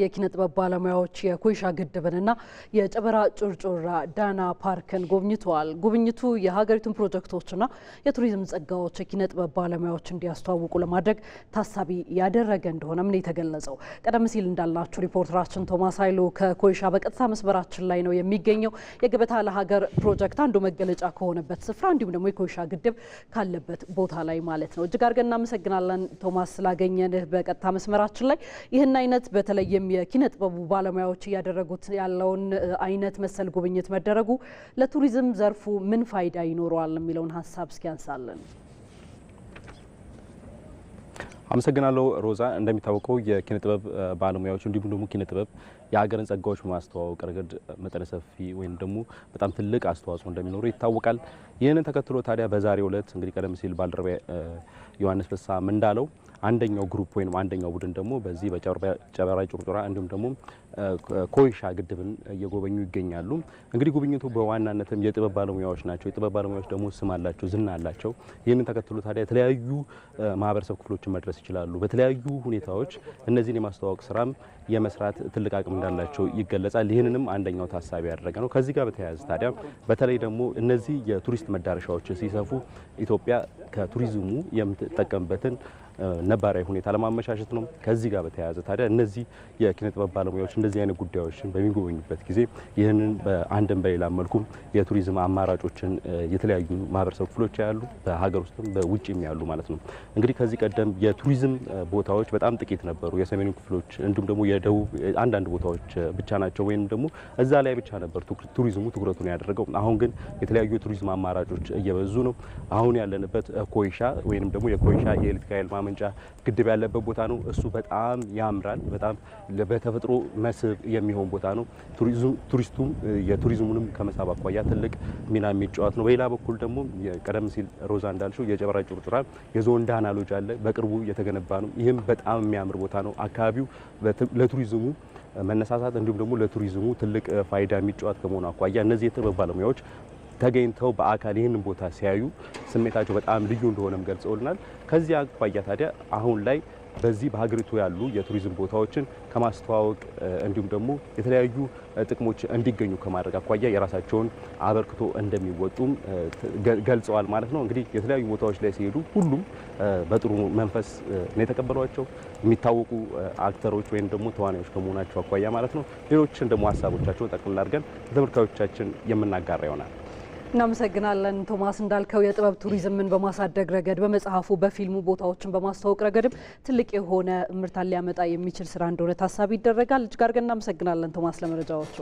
የኪነ ጥበብ ባለሙያዎች የኮይሻ ግድብንና የጨበራ ጩርጩራ ዳና ፓርክን ጎብኝተዋል። ጉብኝቱ የሀገሪቱን ፕሮጀክቶችና የቱሪዝም ጸጋዎች የኪነ ጥበብ ባለሙያዎች እንዲያስተዋውቁ ለማድረግ ታሳቢ ያደረገ እንደሆነም ነው የተገለጸው። ቀደም ሲል እንዳልናችሁ ሪፖርተራችን ቶማስ ኃይሉ ከኮይሻ በቀጥታ መስመራችን ላይ ነው የሚገኘው። የገበታ ለሀገር ፕሮጀክት አንዱ መገለጫ ከሆነበት ስፍራ እንዲሁም ደግሞ የኮይሻ ግድብ ካለበት ቦታ ላይ ማለት ነው። እጅግ አድርገን እናመሰግናለን ቶማስ ስላገኘንህ በቀጥታ መስመራችን ላይ ይህን አይነት በተለየ በተለይም የኪነ ጥበቡ ባለሙያዎች እያደረጉት ያለውን አይነት መሰል ጉብኝት መደረጉ ለቱሪዝም ዘርፉ ምን ፋይዳ ይኖረዋል የሚለውን ሀሳብ እስኪ ያንሳለን። አመሰግናለሁ ሮዛ። እንደሚታወቀው የኪነ ጥበብ ባለሙያዎች እንዲሁም ደግሞ ኪነ ጥበብ የሀገርን ጸጋዎች በማስተዋወቅ ረገድ መጠነ ሰፊ ወይም ደግሞ በጣም ትልቅ አስተዋጽኦ እንደሚኖሩ ይታወቃል። ይህንን ተከትሎ ታዲያ በዛሬ ዕለት እንግዲህ ቀደም ሲል ባልደረባ ዮሐንስ ፍሳም እንዳለው አንደኛው ግሩፕ ወይም አንደኛው ቡድን ደግሞ በዚህ በጨበራ ጩርጩራ እንዲሁም ደግሞ ኮይሻ ግድብን እየጎበኙ ይገኛሉ። እንግዲህ ጉብኝቱ በዋናነትም የጥበብ ባለሙያዎች ናቸው። የጥበብ ባለሙያዎች ደግሞ ስም አላቸው፣ ዝና አላቸው። ይህንን ተከትሎ ታዲያ የተለያዩ ማህበረሰብ ክፍሎችን መድረስ ይችላሉ። በተለያዩ ሁኔታዎች እነዚህን የማስተዋወቅ ስራም የመስራት ትልቅ አቅም እንዳላቸው ይገለጻል። ይህንንም አንደኛው ታሳቢ ያደረገ ነው። ከዚህ ጋር በተያያዘ ታዲያ በተለይ ደግሞ እነዚህ የቱሪስት መዳረሻዎች ሲሰፉ ኢትዮጵያ ከቱሪዝሙ የምትጠቀምበትን ነባራዊ ሁኔታ ለማመቻቸት ነው። ከዚህ ጋር በተያያዘ ታዲያ እነዚህ የኪነ ጥበብ ባለሙያዎች እንደዚህ አይነት ጉዳዮችን በሚጎበኙበት ጊዜ ይህንን በአንድም በሌላ መልኩ የቱሪዝም አማራጮችን የተለያዩ ማህበረሰብ ክፍሎች ያሉ በሀገር ውስጥም በውጭም ያሉ ማለት ነው። እንግዲህ ከዚህ ቀደም የቱሪዝም ቦታዎች በጣም ጥቂት ነበሩ። የሰሜኑ ክፍሎች እንዲሁም ደግሞ የደቡብ አንዳንድ ቦታዎች ብቻ ናቸው፣ ወይም ደግሞ እዛ ላይ ብቻ ነበር ቱሪዝሙ ትኩረቱን ያደረገው። አሁን ግን የተለያዩ የቱሪዝም አማራ አማራጮች እየበዙ ነው። አሁን ያለንበት ኮይሻ ወይም ደግሞ የኮይሻ የኤሌክትሪክ ኃይል ማመንጫ ግድብ ያለበት ቦታ ነው። እሱ በጣም ያምራል። በጣም በተፈጥሮ መስህብ የሚሆን ቦታ ነው። ቱሪስቱም የቱሪዝሙንም ከመሳብ አኳያ ትልቅ ሚና የሚጫወት ነው። በሌላ በኩል ደግሞ ቀደም ሲል ሮዛ እንዳልሽው የጨበራ ጩርጩራ የዞን ሎጅ አለ። በቅርቡ የተገነባ ነው። ይህም በጣም የሚያምር ቦታ ነው። አካባቢው ለቱሪዝሙ መነሳሳት እንዲሁም ደግሞ ለቱሪዝሙ ትልቅ ፋይዳ የሚጫወት ከመሆኑ አኳያ እነዚህ የጥበብ ባለሙያዎች ተገኝተው በአካል ይህንን ቦታ ሲያዩ ስሜታቸው በጣም ልዩ እንደሆነም ገልጸውልናል። ከዚህ አኳያ ታዲያ አሁን ላይ በዚህ በሀገሪቱ ያሉ የቱሪዝም ቦታዎችን ከማስተዋወቅ እንዲሁም ደግሞ የተለያዩ ጥቅሞች እንዲገኙ ከማድረግ አኳያ የራሳቸውን አበርክቶ እንደሚወጡም ገልጸዋል ማለት ነው። እንግዲህ የተለያዩ ቦታዎች ላይ ሲሄዱ ሁሉም በጥሩ መንፈስ ነው የተቀበሏቸው የሚታወቁ አክተሮች ወይም ደግሞ ተዋናዮች ከመሆናቸው አኳያ ማለት ነው። ሌሎችን ደግሞ ሀሳቦቻቸውን ጠቅላላ አድርገን ለተመልካዮቻችን የምናጋራ ይሆናል። እናመሰግናለን ቶማስ። እንዳልከው የጥበብ ቱሪዝምን በማሳደግ ረገድ በመጽሐፉ በፊልሙ ቦታዎችን በማስተዋወቅ ረገድም ትልቅ የሆነ ምርታን ሊያመጣ የሚችል ስራ እንደሆነ ታሳቢ ይደረጋል። እጅግ አድርገን እናመሰግናለን ቶማስ ለመረጃዎቹ።